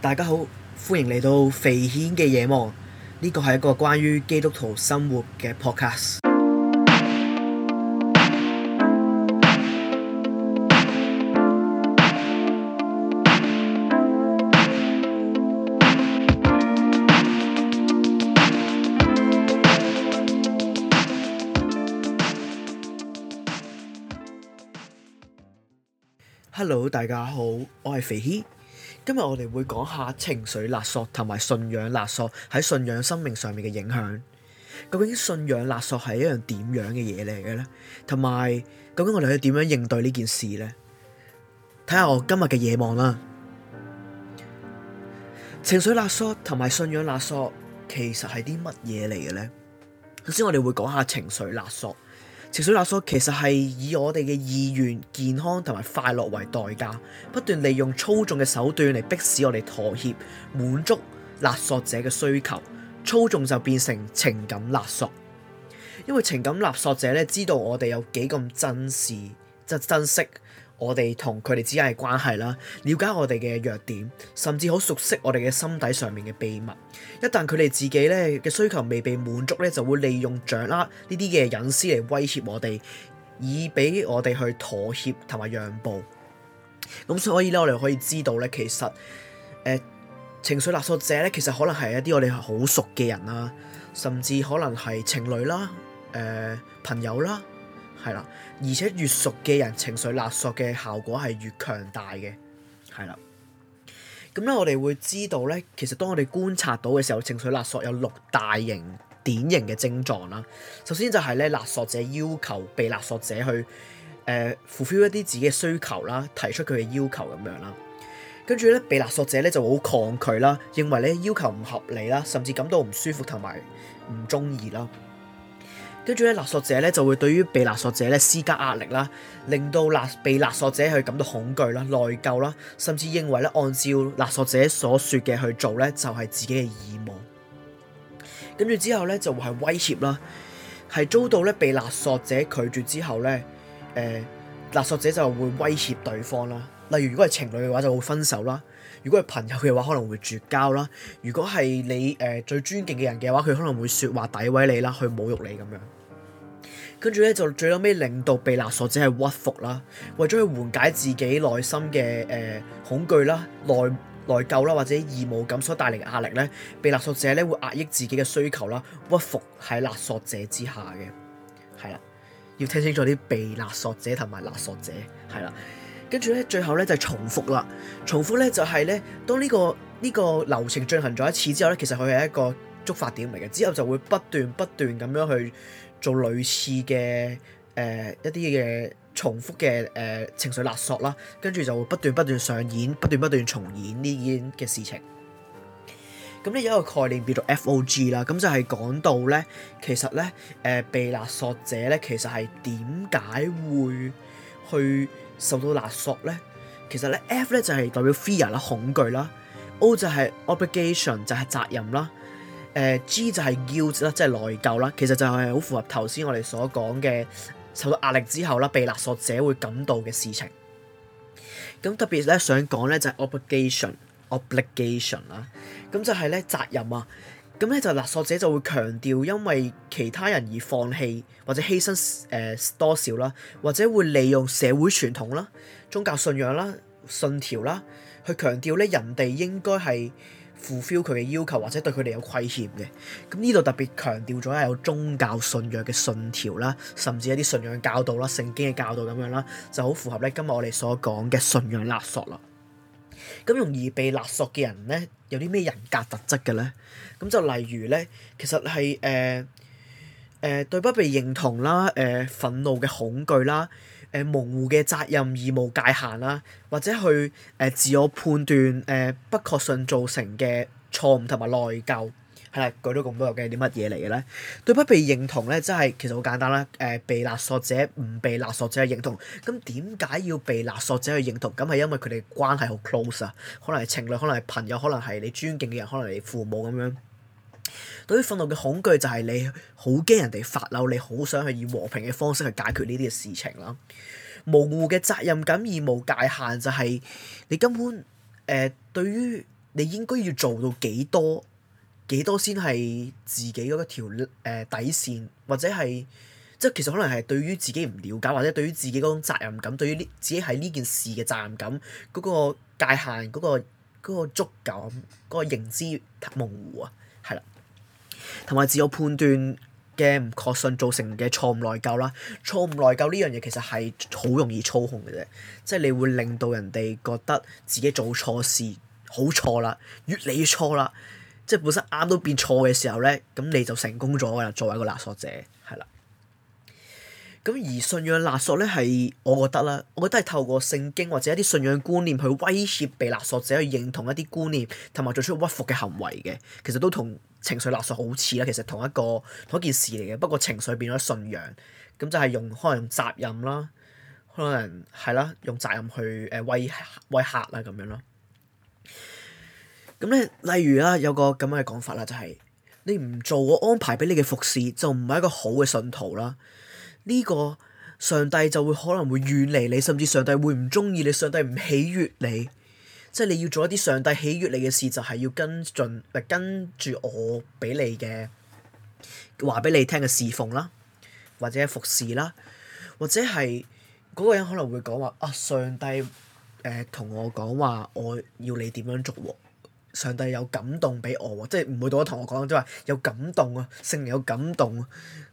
大家好，歡迎嚟到肥軒嘅野望，呢個係一個關於基督徒生活嘅 podcast。Hello，大家好，我係肥軒。今日我哋會講下情緒勒索同埋信仰勒索喺信仰生命上面嘅影響。究竟信仰勒索係一樣點樣嘅嘢嚟嘅咧？同埋究竟我哋可以點樣應對呢件事咧？睇下我今日嘅野望啦。情緒勒索同埋信仰勒索其實係啲乜嘢嚟嘅咧？首先我哋會講下情緒勒索。情緒勒索其實係以我哋嘅意願、健康同埋快樂為代價，不斷利用操縱嘅手段嚟迫使我哋妥協、滿足勒索者嘅需求。操縱就變成情感勒索，因為情感勒索者咧知道我哋有幾咁珍視、即係珍惜。我哋同佢哋之間嘅關係啦，了解我哋嘅弱點，甚至好熟悉我哋嘅心底上面嘅秘密。一旦佢哋自己咧嘅需求未被滿足咧，就會利用掌握呢啲嘅隱私嚟威脅我哋，以俾我哋去妥協同埋讓步。咁所以咧，我哋可以知道咧，其實誒、呃、情緒勒索者咧，其實可能係一啲我哋好熟嘅人啦，甚至可能係情侶啦，誒、呃、朋友啦。係啦，而且越熟嘅人，情緒勒索嘅效果係越強大嘅，係啦。咁咧，我哋會知道咧，其實當我哋觀察到嘅時候，情緒勒索有六大型典型嘅症狀啦。首先就係咧，勒索者要求被勒索者去誒、呃、fulfill 一啲自己嘅需求啦，提出佢嘅要求咁樣啦。跟住咧，被勒索者咧就會就好抗拒啦，認為咧要求唔合理啦，甚至感到唔舒服同埋唔中意啦。跟住咧，勒索者咧就會對於被勒索者咧施加壓力啦，令到勒被勒索者去感到恐懼啦、內疚啦，甚至認為咧按照勒索者所說嘅去做咧就係、是、自己嘅義務。跟住之後咧就係威脅啦，係遭到咧被勒索者拒絕之後咧，誒、呃、勒索者就會威脅對方啦。例如如果係情侶嘅話就會分手啦；如果係朋友嘅話可能會絕交啦；如果係你誒、呃、最尊敬嘅人嘅話佢可能會説話詆毀你啦，去侮辱你咁樣。跟住咧就最後尾令到被勒索者係屈服啦，為咗去緩解自己內心嘅誒、呃、恐懼啦、內內疚啦或者義務感所帶嚟壓力咧，被勒索者咧會壓抑自己嘅需求啦，屈服喺勒索者之下嘅，係啦，要聽清楚啲被勒索者同埋勒索者，係啦，跟住咧最後咧就係、是、重複啦，重複咧就係、是、咧當呢、呢個呢、呢個流程進行咗一次之後咧，其實佢係一個觸發點嚟嘅，之後就會不斷不斷咁樣去。做類似嘅誒、呃、一啲嘅重複嘅誒、呃、情緒勒索啦，跟住就會不斷不斷上演，不斷不斷重演呢件嘅事情。咁、嗯、呢一個概念叫做 F.O.G. 啦，咁就係講到咧，其實咧誒、呃、被勒索者咧，其實係點解會去受到勒索咧？其實咧 F 咧就係代表 fear 啦，恐懼啦；O 就係 obligation，就係責任啦。誒 G 就係 guilt 啦，即係內疚啦。其實就係好符合頭先我哋所講嘅受到壓力之後啦，被勒索者會感到嘅事情。咁特別咧，想講咧就係 obligation、obligation 啦。咁就係咧責任啊。咁咧就勒索者就會強調，因為其他人而放棄或者犧牲誒、呃、多少啦，或者會利用社會傳統啦、宗教信仰啦、信條啦，去強調咧人哋應該係 fulfill 佢嘅要求或者對佢哋有愧欠嘅，咁呢度特別強調咗係有宗教信仰嘅信條啦，甚至一啲信仰嘅教導啦、聖經嘅教導咁樣啦，就好符合咧今日我哋所講嘅信仰勒索啦。咁容易被勒索嘅人咧，有啲咩人格特質嘅咧？咁就例如咧，其實係誒誒對不被認同啦，誒、呃、憤怒嘅恐懼啦。誒模糊嘅責任義務界限啦，或者去誒、呃、自我判斷誒、呃、不確信造成嘅錯誤同埋內疚，係啦，舉咗咁多究竟係啲乜嘢嚟嘅咧？對不被認同咧，真係其實好簡單啦。誒、呃、被勒索者唔被勒索者認同，咁點解要被勒索者去認同？咁係因為佢哋關係好 close 啊，可能係情侶，可能係朋友，可能係你尊敬嘅人，可能係你父母咁樣。對於憤怒嘅恐懼，就係你好驚人哋發嬲，你好想去以和平嘅方式去解決呢啲嘅事情啦。模糊嘅責任感、義務界限就係你根本誒、呃，對於你應該要做到幾多幾多先係自己嗰個條底線，或者係即係其實可能係對於自己唔了解，或者對於自己嗰種責任感，對於呢自己喺呢件事嘅責任感嗰、嗰個界限嗰、嗰個嗰、嗰個觸感、嗰、嗰個認知模糊啊～係啦，同埋自我判斷嘅唔確信造成嘅錯誤內疚啦，錯誤內疚呢樣嘢其實係好容易操控嘅啫，即係你會令到人哋覺得自己做錯事好錯啦，越嚟越錯啦，即係本身啱都變錯嘅時候咧，咁你就成功咗啦，作為一個勒索者。咁而信仰勒索咧，係我覺得啦，我覺得係透過聖經或者一啲信仰觀念去威脅被勒索者去認同一啲觀念，同埋做出屈服嘅行為嘅。其實都同情緒勒索好似啦，其實同一個同一件事嚟嘅。不過情緒變咗信仰，咁就係用，可能用責任啦，可能係啦，用責任去誒、呃、威威嚇啦。咁樣咯。咁咧，例如啦、啊，有個咁樣嘅講法啦，就係、係、你唔做我安排俾你嘅服侍，就唔係一個好嘅信徒啦。呢個上帝就會可能會遠離你，甚至上帝會唔中意你，上帝唔喜悅你。即係你要做一啲上帝喜悅你嘅事，就係、是、要跟進，咪、呃、跟住我俾你嘅話俾你聽嘅侍奉啦，或者服侍啦，或者係嗰、那個人可能會講話啊上帝誒同、呃、我講話，我要你點樣做喎，上帝有感動俾我喎，即係唔會到同我講，即係話有感動啊，聖靈有感動啊，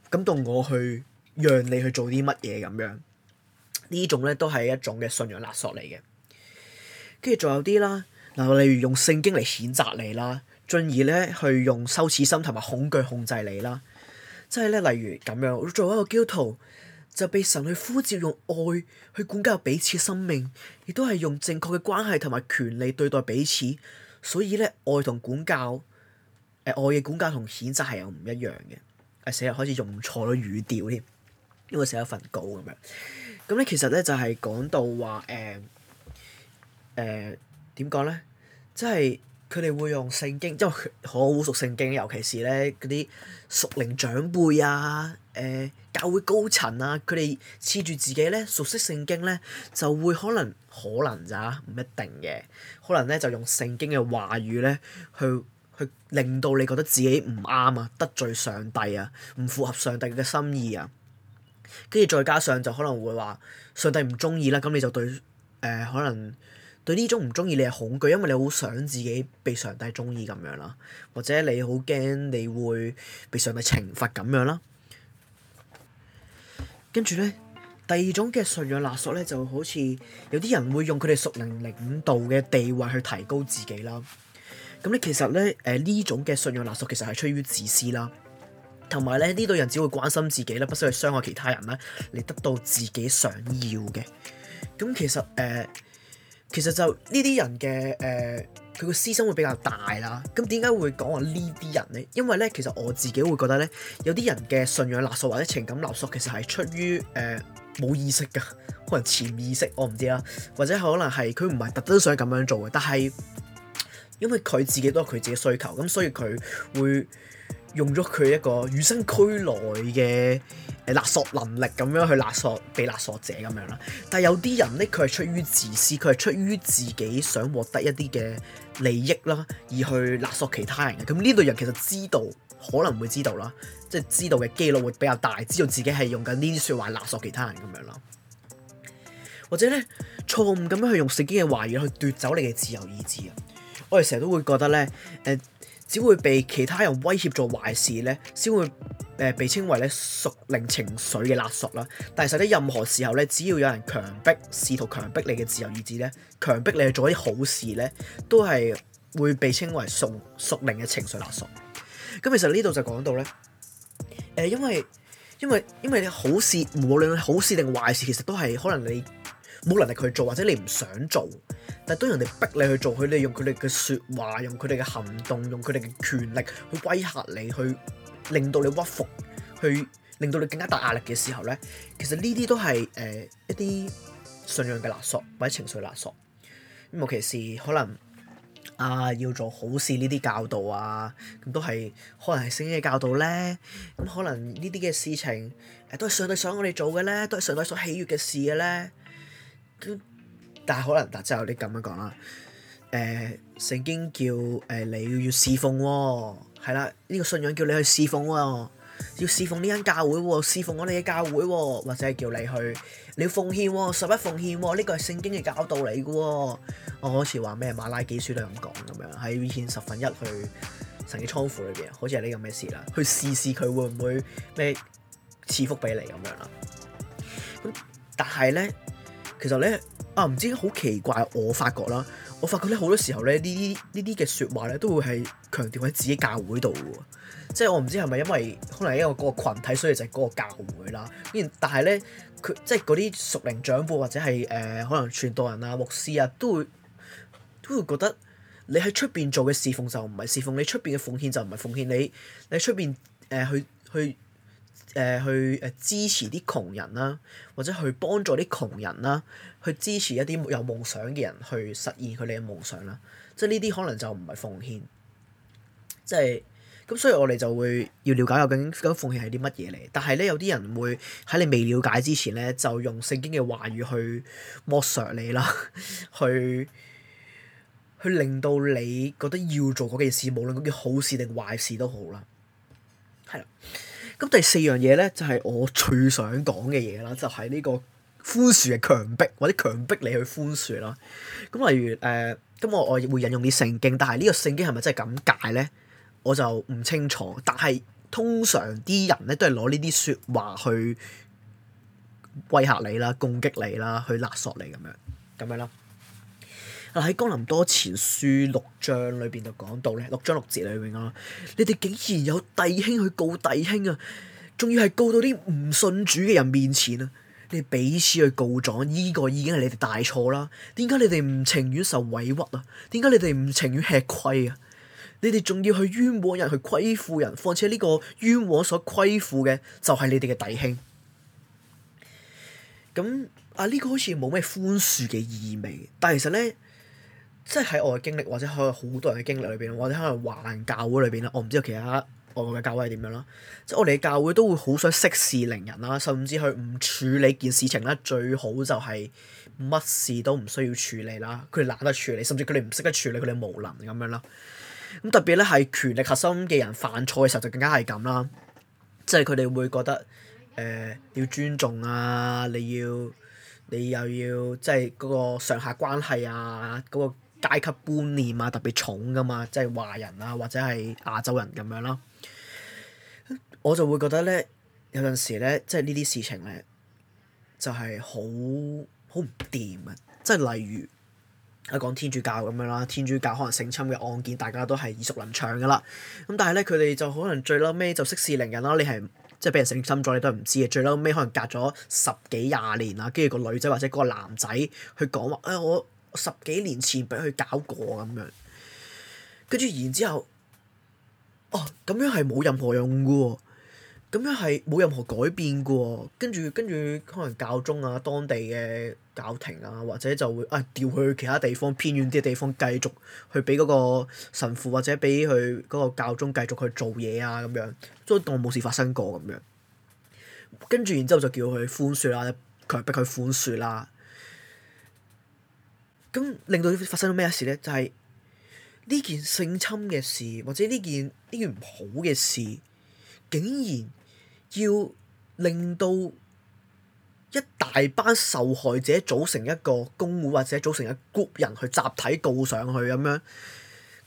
感動我去。讓你去做啲乜嘢咁樣，種呢種咧都係一種嘅信仰勒索嚟嘅。跟住仲有啲啦，例如用聖經嚟譴責你啦，進而咧去用羞恥心同埋恐懼控制你啦。即係咧，例如咁樣做一個基督徒，就被神去呼召用愛去管教彼此生命，亦都係用正確嘅關係同埋權利對待彼此。所以咧，愛同管教，誒、呃、愛嘅管教同譴責係有唔一樣嘅。誒、啊、死啦！開始用錯咗語調添。因為寫一份稿咁樣，咁咧其實咧就係講到話誒誒點講咧，即係佢哋會用聖經，因為佢好熟聖經，尤其是咧嗰啲屬靈長輩啊、誒、呃、教會高層啊，佢哋恃住自己咧熟悉聖經咧，就會可能可能咋唔一定嘅，可能咧就用聖經嘅話語咧去去令到你覺得自己唔啱啊，得罪上帝啊，唔符合上帝嘅心意啊。跟住再加上就可能會話上帝唔鍾意啦，咁你就對誒、呃、可能對呢種唔鍾意你係恐懼，因為你好想自己被上帝鍾意咁樣啦，或者你好驚你會被上帝懲罰咁樣啦。跟住咧，第二種嘅信仰勒索咧，就好似有啲人會用佢哋屬靈領導嘅地位去提高自己啦。咁咧，其實咧誒呢、呃、種嘅信仰勒索其實係出於自私啦。同埋咧，呢度人只會關心自己啦，不需去傷害其他人啦，嚟得到自己想要嘅。咁其實誒、呃，其實就呢啲人嘅誒，佢個私心會比較大啦。咁點解會講話呢啲人呢？因為咧，其實我自己會覺得咧，有啲人嘅信仰勒索或者情感勒索，其實係出於誒冇、呃、意識嘅，可能潛意識我唔知啦，或者可能係佢唔係特登想咁樣做嘅，但係因為佢自己都有佢自己嘅需求，咁所以佢會。用咗佢一個與生俱來嘅誒勒索能力咁樣去勒索被勒索者咁樣啦，但係有啲人呢，佢係出於自私，佢係出於自己想獲得一啲嘅利益啦，而去勒索其他人。咁呢類人其實知道可能會知道啦，即係知道嘅機率會比較大，知道自己係用緊呢啲説話勒索其他人咁樣啦，或者呢錯誤咁樣去用聖經嘅話語去奪走你嘅自由意志啊！我哋成日都會覺得呢。誒、呃。只會被其他人威脅做壞事咧，先會誒被稱為咧屬靈情緒嘅勒索啦。但係實質任何時候咧，只要有人強迫、試圖強迫你嘅自由意志咧，強迫你去做啲好事咧，都係會被稱為屬屬靈嘅情緒勒索。咁其實呢度就講到咧，誒，因為因為因為好事，無論好事定壞事，其實都係可能你冇能力去做，或者你唔想做。但係當人哋逼你去做，佢哋用佢哋嘅説話，用佢哋嘅行動，用佢哋嘅權力去威嚇你，去令到你屈服，去令到你更加大壓力嘅時候咧，其實呢啲都係誒、呃、一啲信仰嘅勒索或者情緒勒索。咁尤其是可能啊要做好事呢啲教導啊，咁都係可能係聖經嘅教導咧，咁可能呢啲嘅事情、呃、都係上帝想我哋做嘅咧，都係上帝所喜悅嘅事嘅咧。但係可能，但真有啲咁樣講啦。誒，聖經叫誒、呃、你要要侍奉喎、哦，係啦，呢、這個信仰叫你去侍奉喎、哦，要侍奉呢間教會喎、哦，侍奉我哋嘅教會喎、哦，或者係叫你去，你要奉獻喎、哦，十一奉獻喎、哦，呢、這個係聖經嘅教導嚟嘅喎。我好似話咩馬拉基書都咁講咁樣，喺以前十分一去神嘅倉庫裏邊，好似係呢咁嘅事啦。去試試佢會唔會咩賜福俾你咁樣啦。但係咧。其實咧，啊唔知點解好奇怪，我發覺啦，我發覺咧好多時候咧，呢啲呢啲嘅説話咧，都會係強調喺自己教會度喎，即係我唔知係咪因為可能因為嗰個群體，所以就係嗰個教會啦。跟住，但係咧，佢即係嗰啲熟齡長輩或者係誒、呃、可能傳道人啊、牧師啊，都會都會覺得你喺出邊做嘅侍奉就唔係侍奉你，出邊嘅奉獻就唔係奉獻你，你喺出邊誒去去。去去誒、呃、去誒、呃、支持啲窮人啦，或者去幫助啲窮人啦，去支持一啲有夢想嘅人去實現佢哋嘅夢想啦。即係呢啲可能就唔係奉獻。即係咁，所以我哋就會要了解究竟究竟奉獻係啲乜嘢嚟？但係咧，有啲人會喺你未了解之前咧，就用聖經嘅話語去剝削你啦， 去去令到你覺得要做嗰件事，無論嗰件好事定壞事都好啦。係啦。咁第四樣嘢咧，就係、是、我最想講嘅嘢啦，就係、是、呢個寬恕嘅強迫，或者強迫你去寬恕啦。咁例如誒，咁、呃、我我會引用啲聖經，但係呢個聖經係咪真係咁解咧？我就唔清楚。但係通常啲人咧都係攞呢啲説話去威嚇你啦、攻擊你啦、去勒索你咁樣，咁樣啦。嗱，喺《哥林多》前書六章裏邊就講到咧，六章六節裏邊啊，你哋竟然有弟兄去告弟兄啊，仲要係告到啲唔信主嘅人面前啊，你哋彼此去告狀，呢個已經係你哋大錯啦。點解你哋唔情願受委屈啊？點解你哋唔情願吃虧啊？你哋仲要去冤枉人，去虧負人，況且呢個冤枉所虧負嘅就係你哋嘅弟兄。咁啊，呢個好似冇咩寬恕嘅意味，但係其實咧。即係喺我嘅經歷，或者喺好多人嘅經歷裏邊，或者可能華人教會裏邊啦，我唔知道其他外國嘅教會係點樣啦。即係我哋嘅教會都會好想息事寧人啦，甚至佢唔處理件事情啦，最好就係乜事都唔需要處理啦。佢懶得處理，甚至佢哋唔識得處理，佢哋無能咁樣啦。咁特別咧，係權力核心嘅人犯錯嘅時候，就更加係咁啦。即係佢哋會覺得誒、呃、要尊重啊，你要你又要即係嗰個上下關係啊，嗰、嗰個。階級觀念啊，特別重噶嘛，即係華人啊，或者係亞洲人咁樣啦、啊，我就會覺得咧，有陣時咧，即係呢啲事情咧，就係好好唔掂啊。即係例如，啊講天主教咁樣啦、啊，天主教可能性侵嘅案件，大家都係耳熟能詳噶啦。咁但係咧，佢哋就可能最嬲尾就息事寧人啦。你係即係俾人性侵咗，你都係唔知嘅。最嬲尾可能隔咗十幾廿年啊，跟住個女仔或者嗰個男仔去講話啊，我。十幾年前俾佢搞過咁樣，跟住然之後，哦，咁樣係冇任何用嘅喎，咁樣係冇任何改變嘅喎。跟住跟住，可能教宗啊、當地嘅教廷啊，或者就會啊調佢、哎、去其他地方、偏遠啲嘅地方，繼續去俾嗰個神父或者俾佢嗰個教宗繼續去做嘢啊咁樣，都當冇事發生過咁樣。跟住然之後就叫佢寬恕啦，強逼佢寬恕啦。咁令到發生咗咩事咧？就係、是、呢件性侵嘅事，或者呢件呢件唔好嘅事，竟然要令到一大班受害者組成一個公會，或者組成一個 group 人去集體告上去咁樣。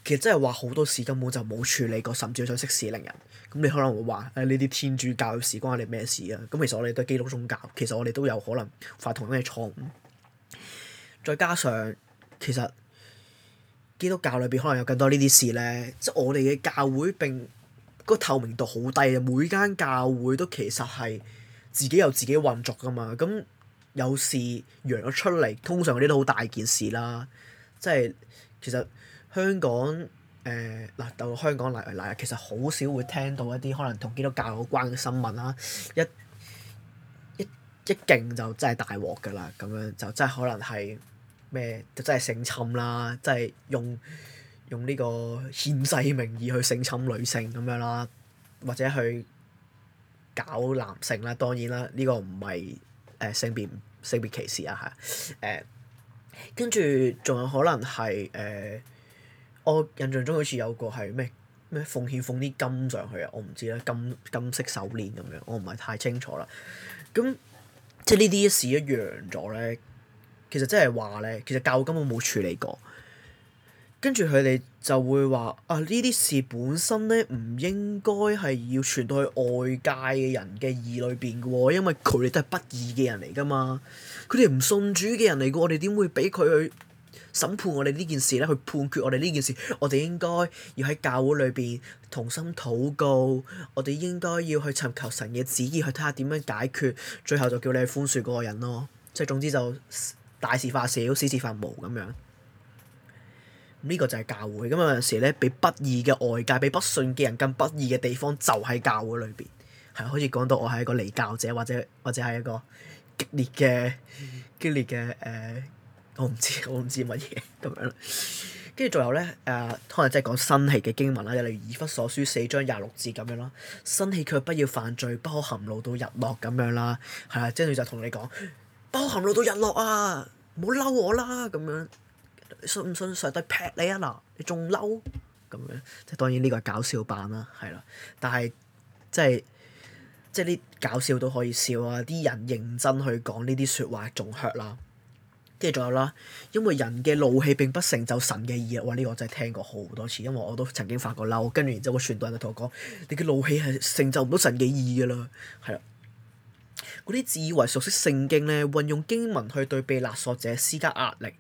其實真係話好多事根本就冇處理過，甚至想息事寧人。咁你可能會話誒，呢啲天主教嘅事關我哋咩事啊？咁其實我哋都係基督宗教，其實我哋都有可能犯同樣嘅錯誤。再加上，其實基督教裏邊可能有更多呢啲事咧，即我哋嘅教會並、嗰個透明度好低，每間教會都其實係自己有自己運作噶嘛，咁有事揚咗出嚟，通常嗰啲都好大件事啦。即係其實香港誒嗱、呃，到香港嚟嚟，其實好少會聽到一啲可能同基督教有關嘅新聞啦，一一一勁就真係大鑊㗎啦，咁樣就真係可能係。咩就真係性侵啦，真係用用呢個獻祭名義去性侵女性咁樣啦，或者去搞男性啦，當然啦，呢個唔係誒性別性別歧視啊，係誒。跟住仲有可能係誒，我印象中好似有個係咩咩奉獻奉啲金上去啊，我唔知啦，金金色手鏈咁樣，我唔係太清楚啦。咁即係呢啲事一樣咗咧。其實真係話咧，其實教會根本冇處理過。跟住佢哋就會話啊！呢啲事本身咧，唔應該係要傳到去外界嘅人嘅耳裏邊嘅喎，因為佢哋都係不義嘅人嚟㗎嘛。佢哋唔信主嘅人嚟㗎，我哋點會俾佢去審判我哋呢件事咧？去判決我哋呢件事，我哋應該要喺教會裏邊同心禱告。我哋應該要去尋求神嘅旨意，去睇下點樣解決。最後就叫你去寬恕嗰個人咯。即係總之就。大事化小，小事，事化無咁樣。呢、這個就係教會咁，有陣時咧，比不義嘅外界、比不信嘅人更不義嘅地方，就喺教會裏邊。係可以講到我係一個離教者，或者或者係一個激烈嘅激烈嘅誒、呃，我唔知我唔知乜嘢咁樣。跟住最後咧誒，可能即係講生氣嘅經文啦，例如《以弗所書》四章廿六節咁樣啦，生氣卻不要犯罪，不可含怒到日落咁樣啦，係即、就是、跟佢就同你講。包含怒到日落啊！唔好嬲我啦，咁樣信唔信上帝劈你啊嗱？你仲嬲咁樣，即係當然呢個係搞笑版啦，係啦，但係即係即係呢搞笑都可以笑啊！啲人認真去講呢啲説話仲噱啦，跟住仲有啦，因為人嘅怒氣並不成就神嘅義。哇！呢個我真係聽過好多次，因為我都曾經發過嬲，跟住然之後個傳道就同我講：你嘅怒氣係成就唔到神嘅義㗎啦。係啦。嗰啲自以為熟悉聖經咧，運用經文去對被勒索者施加壓力。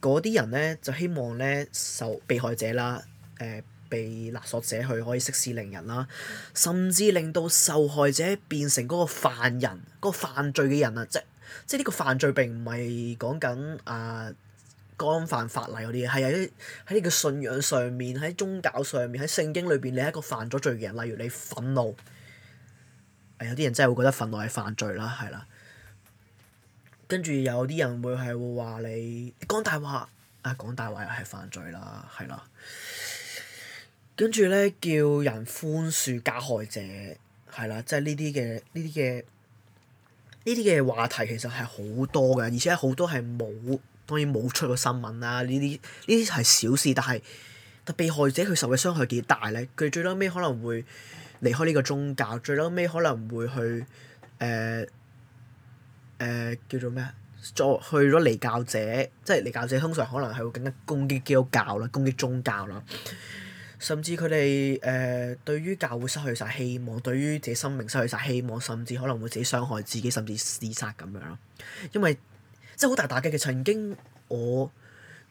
嗰啲人咧就希望咧受被害者啦，誒、呃、被勒索者去可以息事寧人啦，甚至令到受害者變成嗰個犯人，嗰、嗰個犯罪嘅人啊！即即呢個犯罪並唔係講緊啊，干犯法例嗰啲嘅，係喺喺呢個信仰上面，喺宗教上面，喺聖經裏邊，你係一個犯咗罪嘅人。例如你憤怒。誒有啲人真係會覺得憤怒係犯罪啦，係啦。跟住有啲人會係會話你講大話，誒講大話又係犯罪啦，係啦。跟住咧，叫人寬恕加害者，係啦，即係呢啲嘅呢啲嘅。呢啲嘅話題其實係好多㗎，而且好多係冇，當然冇出過新聞啦、啊。呢啲呢啲係小事，但係，但被害者佢受嘅傷害幾大咧？佢最屘尾可能會。離開呢個宗教，最嬲尾可能會去誒誒、呃呃、叫做咩啊？作去咗離教者，即係離教者，通常可能係會更加攻擊基督教啦，攻擊宗教啦。甚至佢哋誒對於教會失去晒希望，對於自己生命失去晒希望，甚至可能會自己傷害自己，甚至自殺咁樣。因為即係好大打擊嘅，曾經我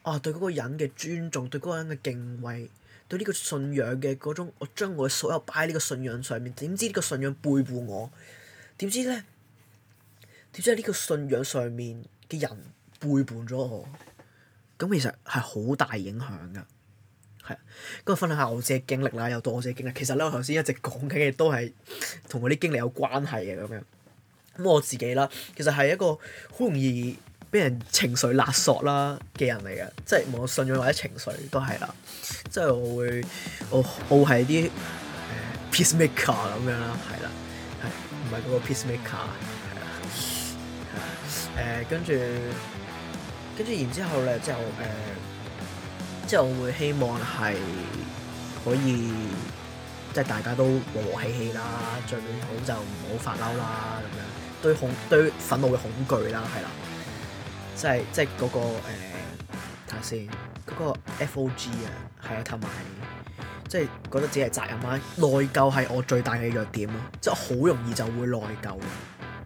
啊對嗰個人嘅尊重，對嗰個人嘅敬畏。對呢個信仰嘅嗰種，我將我所有擺喺呢個信仰上面，點知呢個信仰背叛我？點知咧？點知喺呢個信仰上面嘅人背叛咗我？咁其實係好大影響㗎。係啊，咁分享下我自己嘅經歷啦，又到我自己嘅經歷。其實咧，我頭先一直講緊嘅都係同我啲經歷有關係嘅咁樣。咁我自己啦，其實係一個好容易俾人情緒勒索啦嘅人嚟嘅，即係無論信仰或者情緒都係啦。即係我會，我係啲、呃、peacemaker 咁樣啦，係啦，係唔係嗰個 peacemaker？係啊，誒跟住跟住，然後呢之後咧就誒，即、呃、係我會希望係可以即係大家都和和氣氣啦，最好就唔好發嬲啦咁樣，對恐對憤怒嘅恐懼啦，係啦。即係即係嗰、那個睇下先，嗰、呃那個 F.O.G 啊，係啊，同埋即係覺得自己係責任啊，內疚係我最大嘅弱點咯，即係好容易就會內疚，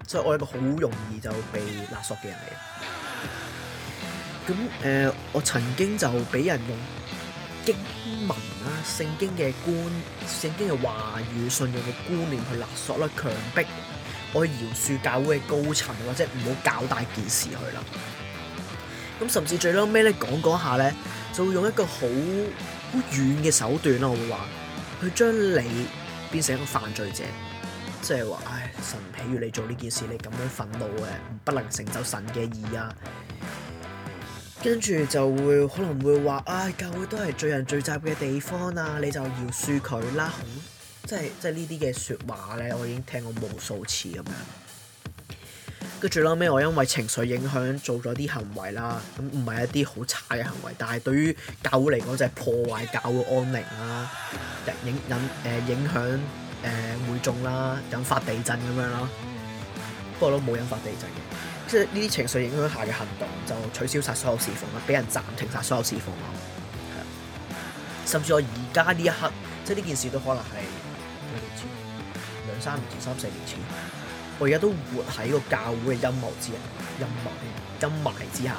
所以我係一個好容易就被勒索嘅人嚟嘅。咁誒、呃，我曾經就俾人用經文啊、聖經嘅觀、聖經嘅話語、信仰嘅觀念去勒索啦、啊，強迫我去饒恕教會嘅高層、啊，或者唔好搞大件事去啦。咁甚至最嬲尾咧，講一講一下咧，就會用一個好好軟嘅手段啦，我會話，去將你變成一個犯罪者，即係話，唉，神唔喜悅你做呢件事，你咁樣憤怒嘅，不能成就神嘅義啊，跟住就會可能會話，唉，教會都係罪人聚集嘅地方啊，你就饒恕佢啦，好，即係即係呢啲嘅説話咧，我已經聽過無數次咁樣。跟住最後尾，我因為情緒影響做咗啲行為啦，咁唔係一啲好差嘅行為，但係對於教會嚟講就係破壞教會安寧啦，影引誒、呃、影響誒、呃、會眾啦，引發地震咁樣咯。不過都冇引發地震嘅，即係呢啲情緒影響下嘅行動就取消晒所有事奉啦，俾人暫停晒所有事奉咯。甚至我而家呢一刻，即係呢件事都可能係幾年前、兩三年前、三四年前。我而家都活喺個教會嘅陰謀之下，陰謀，陰霾之下，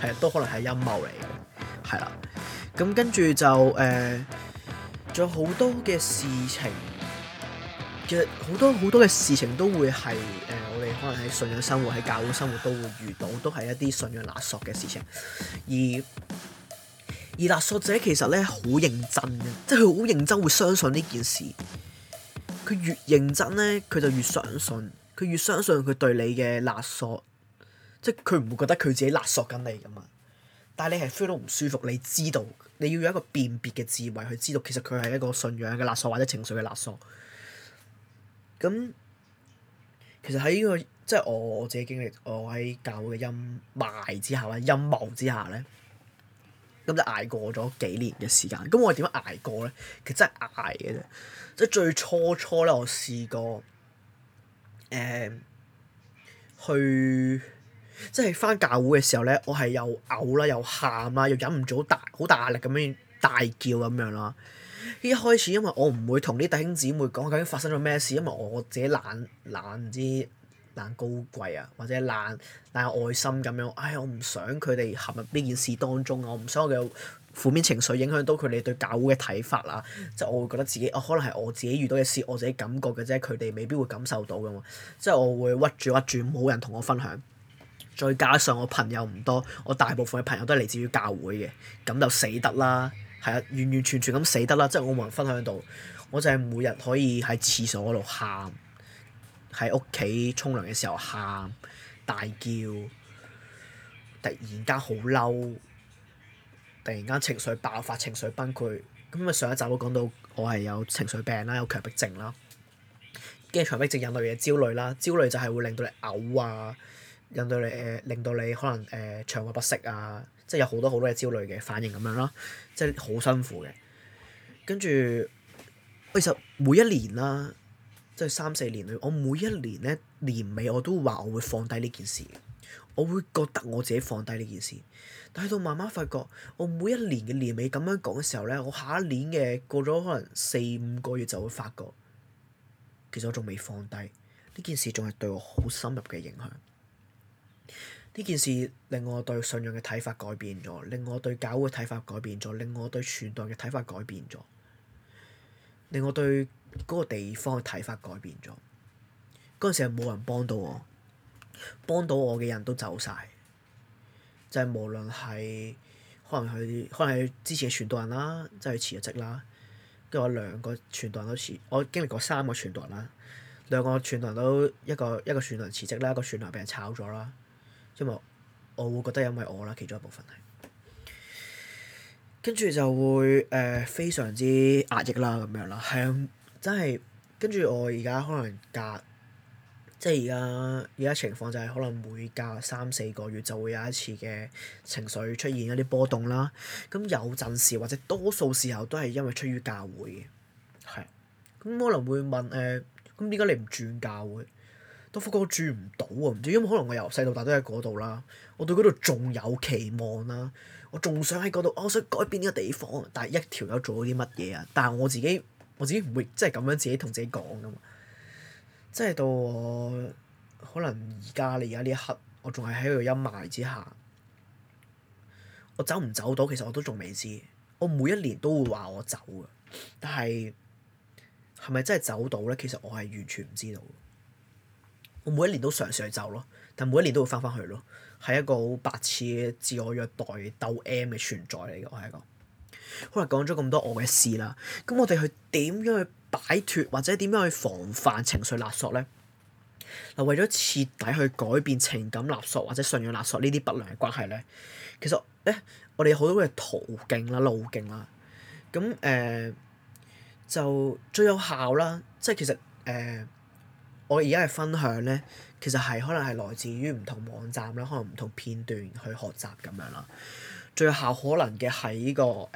係啊，都可能係陰謀嚟嘅，係啦。咁跟住就誒，仲、呃、有好多嘅事情，其實好多好多嘅事情都會係誒、呃，我哋可能喺信仰生活，喺教會生活都會遇到，都係一啲信仰勒索嘅事情。而而勒索者其實咧好認真嘅，即係佢好認真會相信呢件事。佢越認真咧，佢就越相信。佢越相信佢對你嘅勒索，即係佢唔會覺得佢自己勒索緊你㗎嘛。但係你係 feel 到唔舒服，你知道你要有一個辨別嘅智慧去知道其實佢係一個信仰嘅勒索或者情緒嘅勒索。咁，其實喺呢、這個即係、就是、我，我自己經歷，我喺教會嘅陰霾之下咧、陰謀之下咧，咁就捱過咗幾年嘅時間。咁我點樣捱過咧？其實真係捱嘅啫，即係最初初咧，我試過。誒、嗯，去，即係翻教會嘅時候咧，我係又嘔啦，又喊啦，又忍唔住好大好大壓力咁樣大叫咁樣咯。一開始因為我唔會同啲弟兄姊妹講究竟發生咗咩事，因為我自己懶懶唔知懶高貴啊，或者懶懶有愛心咁樣。唉，我唔想佢哋陷入呢件事當中啊！我唔想我嘅。負面情緒影響到佢哋對教會嘅睇法啊，即係我會覺得自己，我可能係我自己遇到嘅事，我自己感覺嘅啫，佢哋未必會感受到㗎嘛。即係我會屈住屈住，冇人同我分享。再加上我朋友唔多，我大部分嘅朋友都係嚟自於教會嘅，咁就死得啦，係呀，完完全全咁死得啦。即係我冇人分享到，我就係每日可以喺廁所嗰度喊，喺屋企沖涼嘅時候喊，大叫，突然間好嬲。突然間情緒爆發、情緒崩潰，咁咪上一集都講到我係有情緒病啦、有強迫症啦，跟住強迫症引到嘅焦慮啦，焦慮就係會令到你嘔啊，引到你誒令到你可能誒腸胃不適啊，即係有好多好多嘅焦慮嘅反應咁樣啦，即係好辛苦嘅。跟住，其實每一年啦，即係三四年裏，我每一年咧年尾我都會話我會放低呢件事，我會覺得我自己放低呢件事。但係到慢慢發覺，我每一年嘅年尾咁樣講嘅時候咧，我下一年嘅過咗可能四五個月就會發覺，其實我仲未放低呢件事，仲係對我好深入嘅影響。呢件事令我對信仰嘅睇法改變咗，令我對教會嘅睇法改變咗，令我對傳代嘅睇法改變咗，令我對嗰個地方嘅睇法改變咗。嗰陣時係冇人幫到我，幫到我嘅人都走晒。就係無論係可能佢可能係之前嘅傳道人啦，即係佢辭咗職啦。跟住我兩個傳道人都辭，我經歷過三個傳道人啦。兩個傳道人都一個一個傳道人辭職啦，一個傳道人俾人炒咗啦。因為我，我會覺得因為我啦，其中一部分係。跟住就會誒、呃，非常之壓抑啦，咁樣啦，係啊，真係跟住我而家可能隔。即係而家，而家情況就係可能每隔三四個月就會有一次嘅情緒出現一啲波動啦。咁有陣時或者多數時候都係因為出於教會嘅。係。咁可能會問誒，咁點解你唔轉教會？都發覺我轉唔到喎，唔知因為可能我由細到大都喺嗰度啦，我對嗰度仲有期望啦，啊，我仲想喺嗰度，我想改變呢個地方，但係一條友做咗啲乜嘢啊？但係我自己，我自己唔會即係咁樣自己同自己講噶嘛。即係到我可能而家你而家呢一刻，我仲係喺度陰霾之下。我走唔走到，其實我都仲未知。我每一年都會話我走噶，但係係咪真係走到咧？其實我係完全唔知道。我每一年都嘗試去走咯，但每一年都會翻返去咯。係一個好白痴嘅自我虐待鬥 M 嘅存在嚟㗎，我係一個。可能講咗咁多我嘅事啦，咁我哋去點樣去擺脫或者點樣去防範情緒勒索咧？嗱，為咗徹底去改變情感勒索或者信仰勒索呢啲不良嘅關係咧，其實咧，我哋有好多嘅途徑啦、路徑啦，咁誒、呃，就最有效啦，即係其實誒、呃，我而家嘅分享咧，其實係可能係來自於唔同網站啦，可能唔同片段去學習咁樣啦。最有效可能嘅係呢個誒，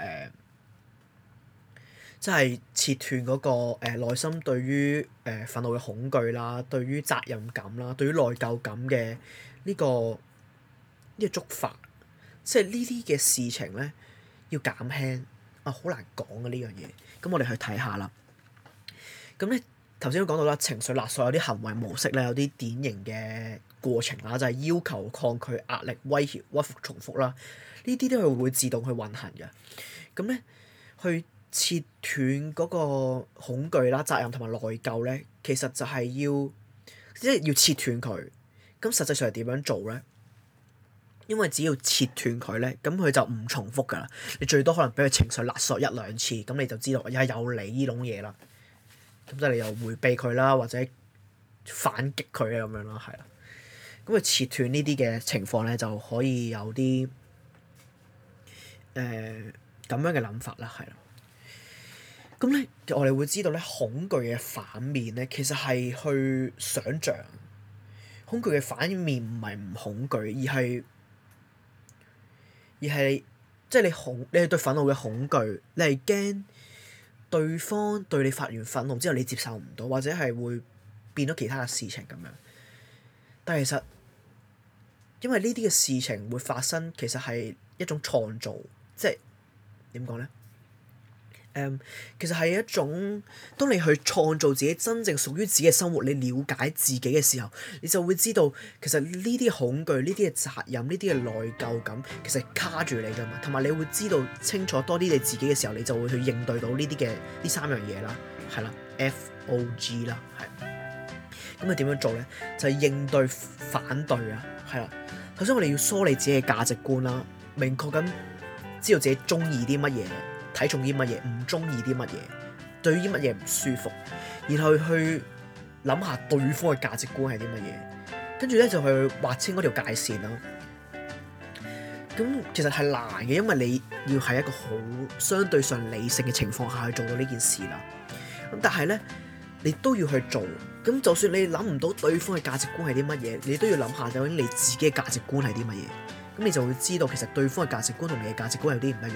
即、呃、係切斷嗰、那個誒、呃、內心對於誒、呃、憤怒嘅恐懼啦，對於責任感啦，對於內疚感嘅呢、這個呢、這個觸發，即係呢啲嘅事情咧，要減輕啊，好難講嘅呢樣嘢。咁我哋去睇下啦。咁咧。頭先都講到啦，情緒勒索有啲行為模式咧，有啲典型嘅過程啦，就係要求、抗拒、壓力、威脅、屈服、重複啦。呢啲都係會自動去運行嘅。咁咧，去切斷嗰個恐懼啦、責任同埋內疚咧，其實就係要即係要切斷佢。咁實際上係點樣做咧？因為只要切斷佢咧，咁佢就唔重複㗎啦。你最多可能俾佢情緒勒索一兩次，咁你就知道而家有你呢種嘢啦。咁即係你又迴避佢啦，或者反擊佢咁樣咯，係啦。咁、嗯、啊，切斷呢啲嘅情況咧，就可以有啲誒咁樣嘅諗法啦，係啦。咁、嗯、咧，我哋會知道咧，恐懼嘅反面咧，其實係去想像。恐懼嘅反面唔係唔恐懼，而係而係即係你恐，你係對憤怒嘅恐懼，你係驚。對方對你發完憤怒之後，你接受唔到，或者係會變咗其他嘅事情咁樣。但係其實，因為呢啲嘅事情會發生，其實係一種創造，即係點講咧？其實係一種，當你去創造自己真正屬於自己嘅生活，你了解自己嘅時候，你就會知道其實呢啲恐懼、呢啲嘅責任、呢啲嘅內疚感，其實卡住你㗎嘛。同埋你會知道清楚多啲你自己嘅時候，你就會去應對到呢啲嘅呢三樣嘢啦，係啦，F.O.G. 啦，係。咁啊點樣做呢？就係、是、應對反對啊，係啦。首先我哋要梳理自己嘅價值觀啦，明確咁知道自己鍾意啲乜嘢。睇重啲乜嘢，唔中意啲乜嘢，對於乜嘢唔舒服，然後去諗下對方嘅價值觀係啲乜嘢，跟住咧就去劃清嗰條界線咯。咁其實係難嘅，因為你要喺一個好相對上理性嘅情況下去做到呢件事啦。咁但係咧，你都要去做。咁就算你諗唔到對方嘅價值觀係啲乜嘢，你都要諗下究竟你自己嘅價值觀係啲乜嘢。咁你就會知道其實對方嘅價值觀同你嘅價值觀有啲唔一樣。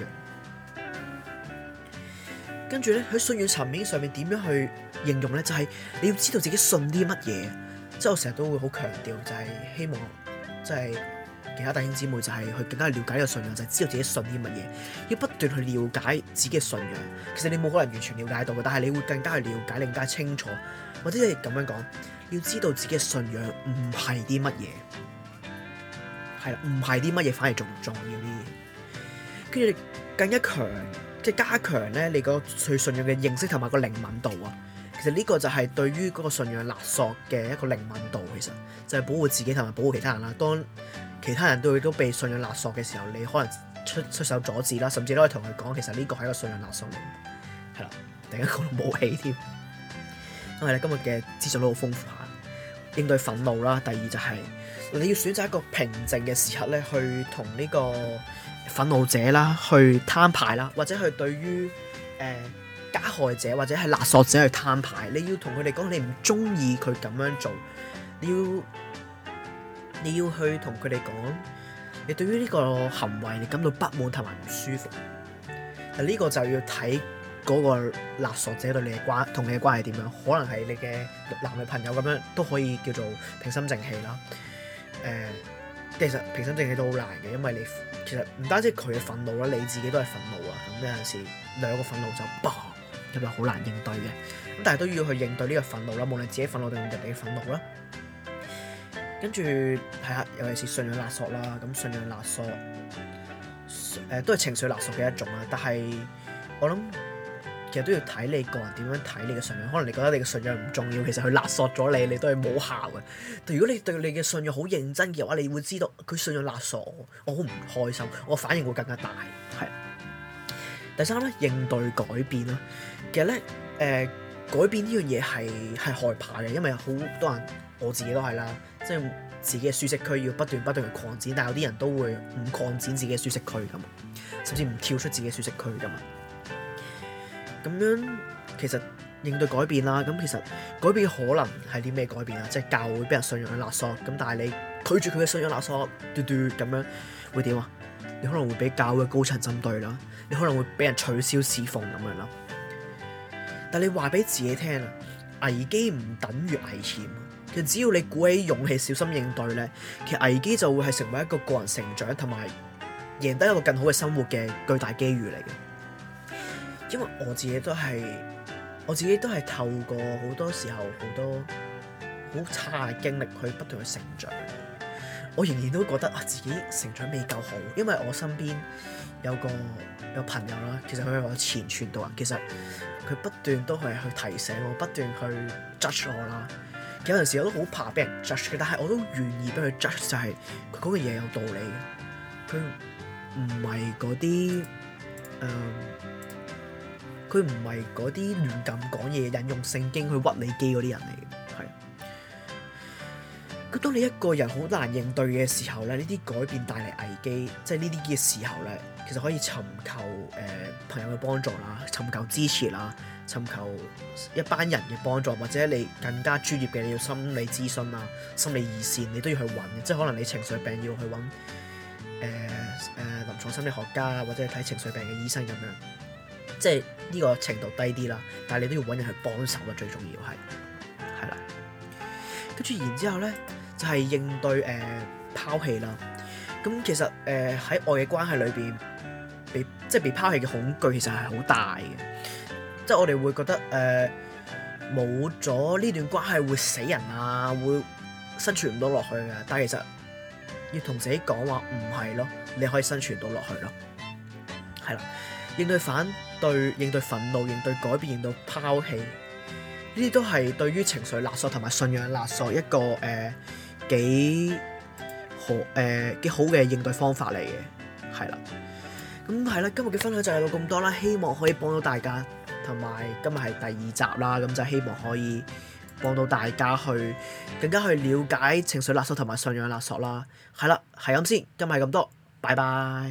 跟住咧，喺信仰層面上面點樣去形容呢？就係、是、你要知道自己信啲乜嘢，即係我成日都會好強調，就係希望，即、就、係、是、其他弟兄姊妹、就是，就係去更加了解呢個信仰，就係、是、知道自己信啲乜嘢，要不斷去了解自己嘅信仰。其實你冇可能完全了解到，嘅，但係你會更加去了解，更加清楚。或者你咁樣講，要知道自己嘅信仰唔係啲乜嘢，係啦，唔係啲乜嘢，反而仲重要啲。嘢。跟住更加強。即加強咧，你個對信仰嘅認識同埋個靈敏度啊！其實呢個就係對於嗰個信仰勒索嘅一個靈敏度，其實就係保護自己同埋保護其他人啦。當其他人都會都被信仰勒索嘅時候，你可能出出手阻止啦，甚至都可以同佢講，其實呢個係一個信仰勒索嚟，係啦，第一個武器添。因為你今日嘅資訊都好豐富下。應對憤怒啦。第二就係你要選擇一個平靜嘅時刻咧，去同呢個。憤怒者啦，去攤牌啦，或者去對於誒、呃、加害者或者係勒索者去攤牌，你要同佢哋講你唔中意佢咁樣做，你要你要去同佢哋講，你對於呢個行為你感到不滿同埋唔舒服。嗱、啊、呢、呢個就要睇嗰個勒索者對你嘅關同你嘅關係點樣，可能係你嘅男女朋友咁樣都可以叫做平心靜氣啦，誒、呃。其實平心靜氣都好難嘅，因為你其實唔單止佢嘅憤怒啦，你自己都係憤怒啊，咁有陣時兩個憤怒就爆，咁樣好難應對嘅。咁但係都要去應對呢個憤怒啦，無論自己憤怒定人哋嘅憤怒啦。跟住係啊，尤其是信仰勒索啦，咁信仰勒索，誒、呃、都係情緒勒索嘅一種啊。但係我諗。其實都要睇你個人點樣睇你嘅信仰。可能你覺得你嘅信仰唔重要，其實佢勒索咗你，你都係冇效嘅。但如果你對你嘅信仰好認真嘅話，你會知道佢信仰勒索我，我好唔開心，我反應會更加大。係，第三咧，應對改變啦。其實咧，誒、呃、改變呢樣嘢係係害怕嘅，因為好多人，我自己都係啦，即係自己嘅舒適區要不斷不斷去擴展，但有啲人都會唔擴展自己嘅舒適區咁，甚至唔跳出自己嘅舒適區咁。咁樣其實應對改變啦，咁其實改變可能係啲咩改變啊？即係教會俾人信仰勒索，咁但係你拒絕佢嘅信仰勒索，嘟嘟咁樣會點啊？你可能會俾教會高層針對啦，你可能會俾人取消侍奉咁樣啦。但你話俾自己聽啊，危機唔等於危險，其實只要你鼓起勇氣，小心應對咧，其實危機就會係成為一個個人成長同埋贏得一個更好嘅生活嘅巨大機遇嚟嘅。因為我自己都係我自己都係透過好多時候好多好差嘅經歷去不斷去成長，我仍然都覺得啊自己成長未夠好，因為我身邊有個有朋友啦，其實佢係我前傳道人。其實佢不斷都係去提醒我，不斷去 judge 我啦。有陣時我都好怕俾人 judge 嘅 jud，就是，但係我都願意俾佢 judge，就係佢嗰個嘢有道理嘅，佢唔係嗰啲誒。呃佢唔係嗰啲亂咁講嘢、引用聖經去屈你機嗰啲人嚟嘅，係。咁當你一個人好難應對嘅時候咧，呢啲改變帶嚟危機，即係呢啲嘅時候咧，其實可以尋求誒、呃、朋友嘅幫助啦，尋求支持啦，尋求一班人嘅幫助，或者你更加專業嘅，你要心理諮詢啊、心理二線，你都要去揾，即係可能你情緒病要去揾誒誒臨牀心理學家或者睇情緒病嘅醫生咁樣。即係呢，這個程度低啲啦，但係你都要揾人去幫手啦，最重要係係啦，跟住然之後咧就係、是、應對誒、呃、拋棄啦。咁、嗯、其實誒喺愛嘅關係裏邊，被即係被拋棄嘅恐懼其實係好大嘅，即係我哋會覺得誒冇咗呢段關係會死人啊，會生存唔到落去嘅。但係其實要同自己講話唔係咯，你可以生存到落去咯。係啦，應對反。對應對憤怒，應對改變，應對拋棄，呢啲都係對於情緒勒索同埋信仰勒索一個誒幾好，呃呃，誒幾好嘅應對方法嚟嘅，係啦。咁係啦，今日嘅分享就係到咁多啦，希望可以幫到大家。同埋今日係第二集啦，咁就希望可以幫到大家去更加去了解情緒勒索同埋信仰勒索啦。係啦，係咁先，今日係咁多，拜拜。